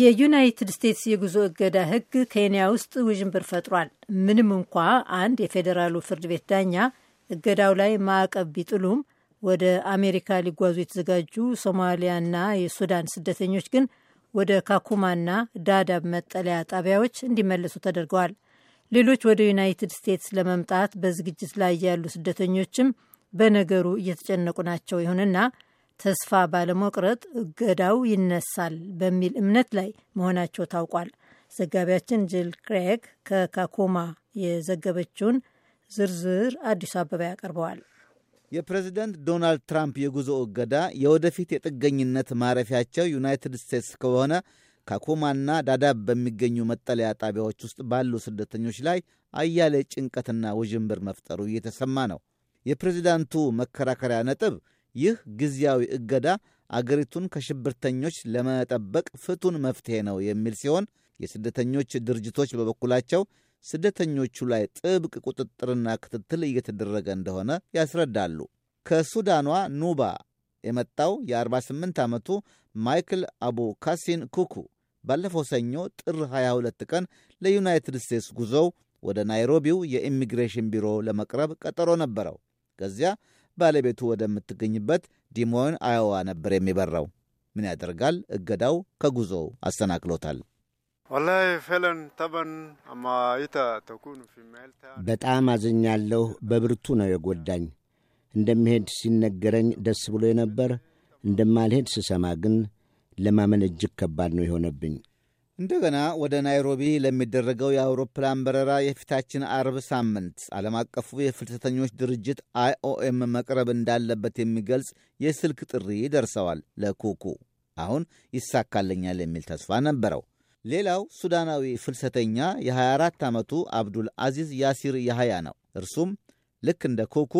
የዩናይትድ ስቴትስ የጉዞ እገዳ ሕግ ኬንያ ውስጥ ውዥንብር ፈጥሯል። ምንም እንኳ አንድ የፌዴራሉ ፍርድ ቤት ዳኛ እገዳው ላይ ማዕቀብ ቢጥሉም ወደ አሜሪካ ሊጓዙ የተዘጋጁ ሶማሊያና የሱዳን ስደተኞች ግን ወደ ካኩማና ዳዳብ መጠለያ ጣቢያዎች እንዲመለሱ ተደርገዋል። ሌሎች ወደ ዩናይትድ ስቴትስ ለመምጣት በዝግጅት ላይ ያሉ ስደተኞችም በነገሩ እየተጨነቁ ናቸው። ይሁንና ተስፋ ባለመቁረጥ እገዳው ይነሳል በሚል እምነት ላይ መሆናቸው ታውቋል። ዘጋቢያችን ጅል ክሬግ ከካኮማ የዘገበችውን ዝርዝር አዲሱ አበባ ያቀርበዋል። የፕሬዝደንት ዶናልድ ትራምፕ የጉዞ እገዳ የወደፊት የጥገኝነት ማረፊያቸው ዩናይትድ ስቴትስ ከሆነ ካኮማና ዳዳብ በሚገኙ መጠለያ ጣቢያዎች ውስጥ ባሉ ስደተኞች ላይ አያሌ ጭንቀትና ውዥንብር መፍጠሩ እየተሰማ ነው። የፕሬዚዳንቱ መከራከሪያ ነጥብ ይህ ጊዜያዊ እገዳ አገሪቱን ከሽብርተኞች ለመጠበቅ ፍቱን መፍትሄ ነው የሚል ሲሆን የስደተኞች ድርጅቶች በበኩላቸው ስደተኞቹ ላይ ጥብቅ ቁጥጥርና ክትትል እየተደረገ እንደሆነ ያስረዳሉ። ከሱዳኗ ኑባ የመጣው የ48 ዓመቱ ማይክል አቡ ካሲን ኩኩ ባለፈው ሰኞ ጥር 22 ቀን ለዩናይትድ ስቴትስ ጉዞው ወደ ናይሮቢው የኢሚግሬሽን ቢሮ ለመቅረብ ቀጠሮ ነበረው። ከዚያ ባለቤቱ ወደምትገኝበት ዲሞን አዮዋ ነበር የሚበራው። ምን ያደርጋል፣ እገዳው ከጉዞው አሰናክሎታል። በጣም አዝኛለሁ። በብርቱ ነው የጎዳኝ። እንደምሄድ ሲነገረኝ ደስ ብሎ የነበር እንደማልሄድ ስሰማ ግን ለማመን እጅግ ከባድ ነው የሆነብኝ። እንደገና ወደ ናይሮቢ ለሚደረገው የአውሮፕላን በረራ የፊታችን አርብ ሳምንት ዓለም አቀፉ የፍልሰተኞች ድርጅት አይኦኤም መቅረብ እንዳለበት የሚገልጽ የስልክ ጥሪ ደርሰዋል። ለኩኩ አሁን ይሳካለኛል የሚል ተስፋ ነበረው። ሌላው ሱዳናዊ ፍልሰተኛ የ24 ዓመቱ አብዱል አዚዝ ያሲር ያህያ ነው። እርሱም ልክ እንደ ኩኩ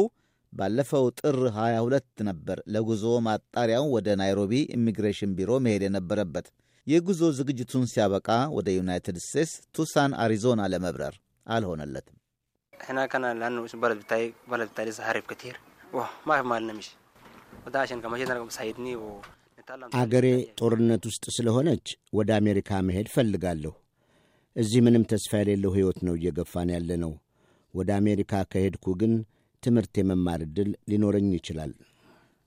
ባለፈው ጥር 22 ነበር ለጉዞ ማጣሪያው ወደ ናይሮቢ ኢሚግሬሽን ቢሮ መሄድ የነበረበት። የጉዞ ዝግጅቱን ሲያበቃ ወደ ዩናይትድ ስቴትስ ቱሳን አሪዞና ለመብረር አልሆነለትም። አገሬ ጦርነት ውስጥ ስለሆነች ወደ አሜሪካ መሄድ ፈልጋለሁ። እዚህ ምንም ተስፋ የሌለው ሕይወት ነው እየገፋን ያለ ነው። ወደ አሜሪካ ከሄድኩ ግን ትምህርት የመማር ዕድል ሊኖረኝ ይችላል።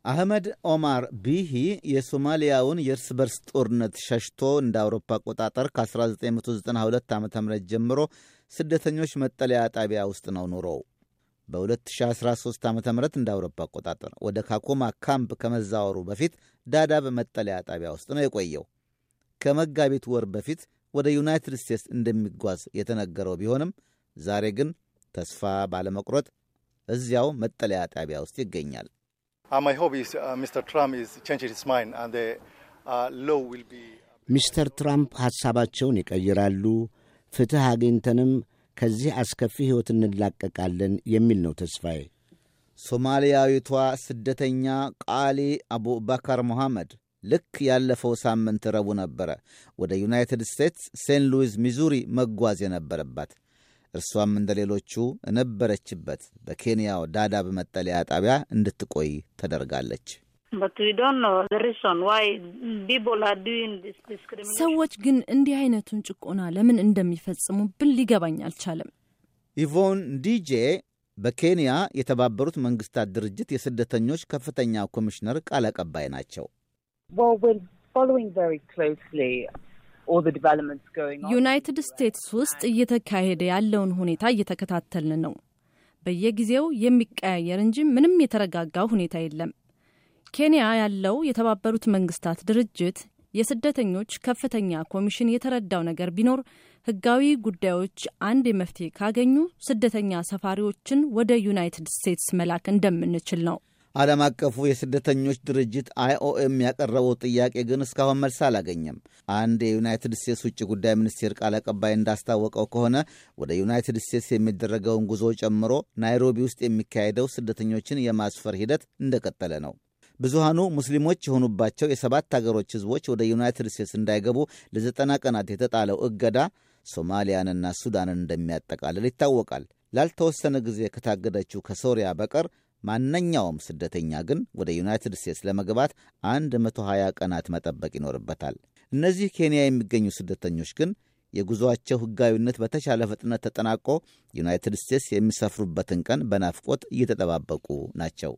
አህመድ ኦማር ቢሂ የሶማሊያውን የእርስ በርስ ጦርነት ሸሽቶ እንደ አውሮፓ አቆጣጠር ከ1992 ዓ ም ጀምሮ ስደተኞች መጠለያ ጣቢያ ውስጥ ነው ኑሮው። በ2013 ዓ ም እንደ አውሮፓ አቆጣጠር ወደ ካኮማ ካምፕ ከመዛወሩ በፊት ዳዳብ መጠለያ ጣቢያ ውስጥ ነው የቆየው። ከመጋቢት ወር በፊት ወደ ዩናይትድ ስቴትስ እንደሚጓዝ የተነገረው ቢሆንም ዛሬ ግን ተስፋ ባለመቁረጥ እዚያው መጠለያ ጣቢያ ውስጥ ይገኛል። ሚስተር uh, ትራምፕ uh, uh, ሐሳባቸውን ይቀይራሉ፣ ፍትሕ አግኝተንም ከዚህ አስከፊ ሕይወት እንላቀቃለን የሚል ነው ተስፋዬ። ሶማሊያዊቷ ስደተኛ ቃሊ አቡበከር ሞሐመድ ልክ ያለፈው ሳምንት ረቡዕ ነበረ ወደ ዩናይትድ ስቴትስ ሴንት ሉዊስ ሚዙሪ መጓዝ የነበረባት። እርሷም እንደ ሌሎቹ እነበረችበት በኬንያው ዳዳብ መጠለያ ጣቢያ እንድትቆይ ተደርጋለች። ሰዎች ግን እንዲህ አይነቱን ጭቆና ለምን እንደሚፈጽሙብን ሊገባኝ አልቻለም። ኢቮን ዲጄ በኬንያ የተባበሩት መንግስታት ድርጅት የስደተኞች ከፍተኛ ኮሚሽነር ቃል አቀባይ ናቸው። ዩናይትድ ስቴትስ ውስጥ እየተካሄደ ያለውን ሁኔታ እየተከታተልን ነው። በየጊዜው የሚቀያየር እንጂ ምንም የተረጋጋ ሁኔታ የለም። ኬንያ ያለው የተባበሩት መንግስታት ድርጅት የስደተኞች ከፍተኛ ኮሚሽን የተረዳው ነገር ቢኖር ህጋዊ ጉዳዮች አንድ መፍትሄ ካገኙ ስደተኛ ሰፋሪዎችን ወደ ዩናይትድ ስቴትስ መላክ እንደምንችል ነው። ዓለም አቀፉ የስደተኞች ድርጅት አይኦኤም ያቀረበው ጥያቄ ግን እስካሁን መልስ አላገኘም። አንድ የዩናይትድ ስቴትስ ውጭ ጉዳይ ሚኒስቴር ቃል አቀባይ እንዳስታወቀው ከሆነ ወደ ዩናይትድ ስቴትስ የሚደረገውን ጉዞ ጨምሮ ናይሮቢ ውስጥ የሚካሄደው ስደተኞችን የማስፈር ሂደት እንደቀጠለ ነው። ብዙሃኑ ሙስሊሞች የሆኑባቸው የሰባት አገሮች ህዝቦች ወደ ዩናይትድ ስቴትስ እንዳይገቡ ለዘጠና ቀናት የተጣለው እገዳ ሶማሊያንና ሱዳንን እንደሚያጠቃልል ይታወቃል። ላልተወሰነ ጊዜ ከታገደችው ከሶሪያ በቀር ማንኛውም ስደተኛ ግን ወደ ዩናይትድ ስቴትስ ለመግባት 120 ቀናት መጠበቅ ይኖርበታል። እነዚህ ኬንያ የሚገኙ ስደተኞች ግን የጉዞአቸው ሕጋዊነት በተሻለ ፍጥነት ተጠናቆ ዩናይትድ ስቴትስ የሚሰፍሩበትን ቀን በናፍቆት እየተጠባበቁ ናቸው።